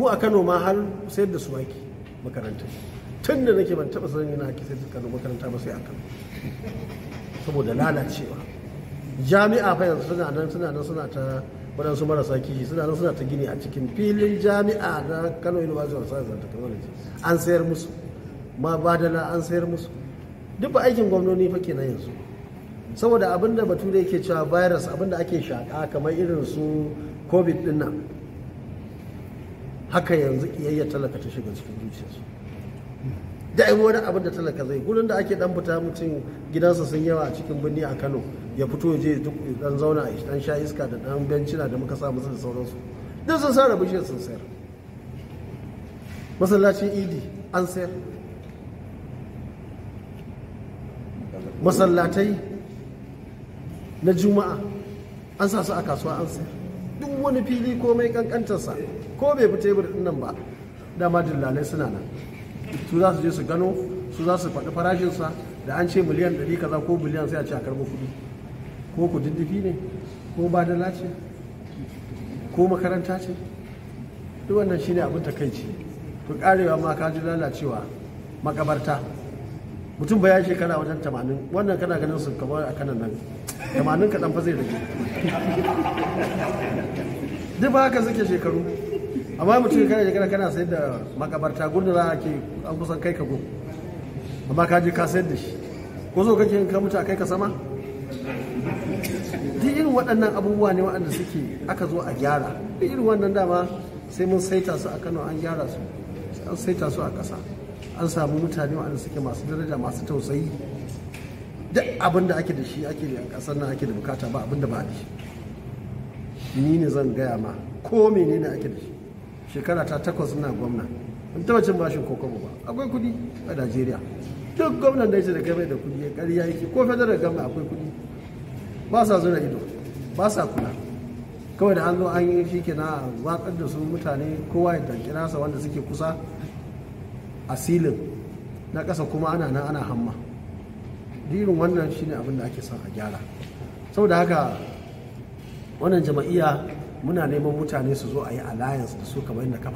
mu a kano ma har sayar da su makarantar tun da nake ban taba sanin yana ake sayar da kano makaranta ba sai a kano saboda lalacewa jami'a fa yanzu suna nan suna nan suna ta waɗansu marasa kishi suna nan suna ta gini a cikin filin jami'a na kano university of science and technology an sayar musu ma badala an sayar musu duk ba aikin gwamnoni fa kenan yanzu saboda abinda da yake cewa virus abinda ake shaka kamar irin su covid din nan haka yanzu kiyayya talaka ta shiga cikin zuciyarsu da wani abin da talaka zai gurin da ake dan fita mutum gidansa sun yawa a cikin birni a Kano ya fito je dan zauna a dan sha iska da dan bencina da muka sa musu da sauransu duk sun sa shi sun sayar masallacin idi an sayar masallatai na juma'a an sa su a kasuwa an sayar wani fili komai kankantarsa ko bai fi tebur din nan ba dama dillalai suna nan su za su je su gano su za su faɗi farashinsa da an ce miliyan ɗari kaza ko miliyan sai a ce a karɓi kuɗi ko ku diddifi ne ko ba da ce ko makaranta ce duk wannan shine abin takaici to karewa ma ka ji lalacewa makabarta mutum ba ya shekara wajen tamanin wannan kana ganin su kamar a kanan nan tamanin kaɗan fa zai rage duk ba haka suke shekaru amma mutum kana shekara kana sayar da makabarta gudu za a ke an kusan kai ka go amma ka je ka sayar da shi ko so kake ka mutu a kai ka sama duk irin waɗannan abubuwa ne waɗanda suke aka zo a gyara duk irin wannan dama sai mun saita su a kano an gyara su an saita su a ƙasa an samu mutane waɗanda suke masu daraja masu tausayi duk abin da ake da shi ake a kasar nan ake da bukata ba abin da ba da shi ni ne zan gaya ma ko menene ake da shi shekara ta takwas na gwamna in taɓa cin bashin ko ba akwai kuɗi a najeriya duk gwamnan da yake da kai da kuɗi ya ƙarya yake ko federal gwamna akwai kuɗi ba sa zura ido ba sa kula kawai da an zo an yi shi na watsar da su mutane kowa ya danki nasa wanda suke kusa asilin na ƙasa kuma ana nan ana hamma irin wannan shine abin da ake son a gyara saboda haka wannan jama'iya muna neman mutane su zo a yi alliance da su kamar yadda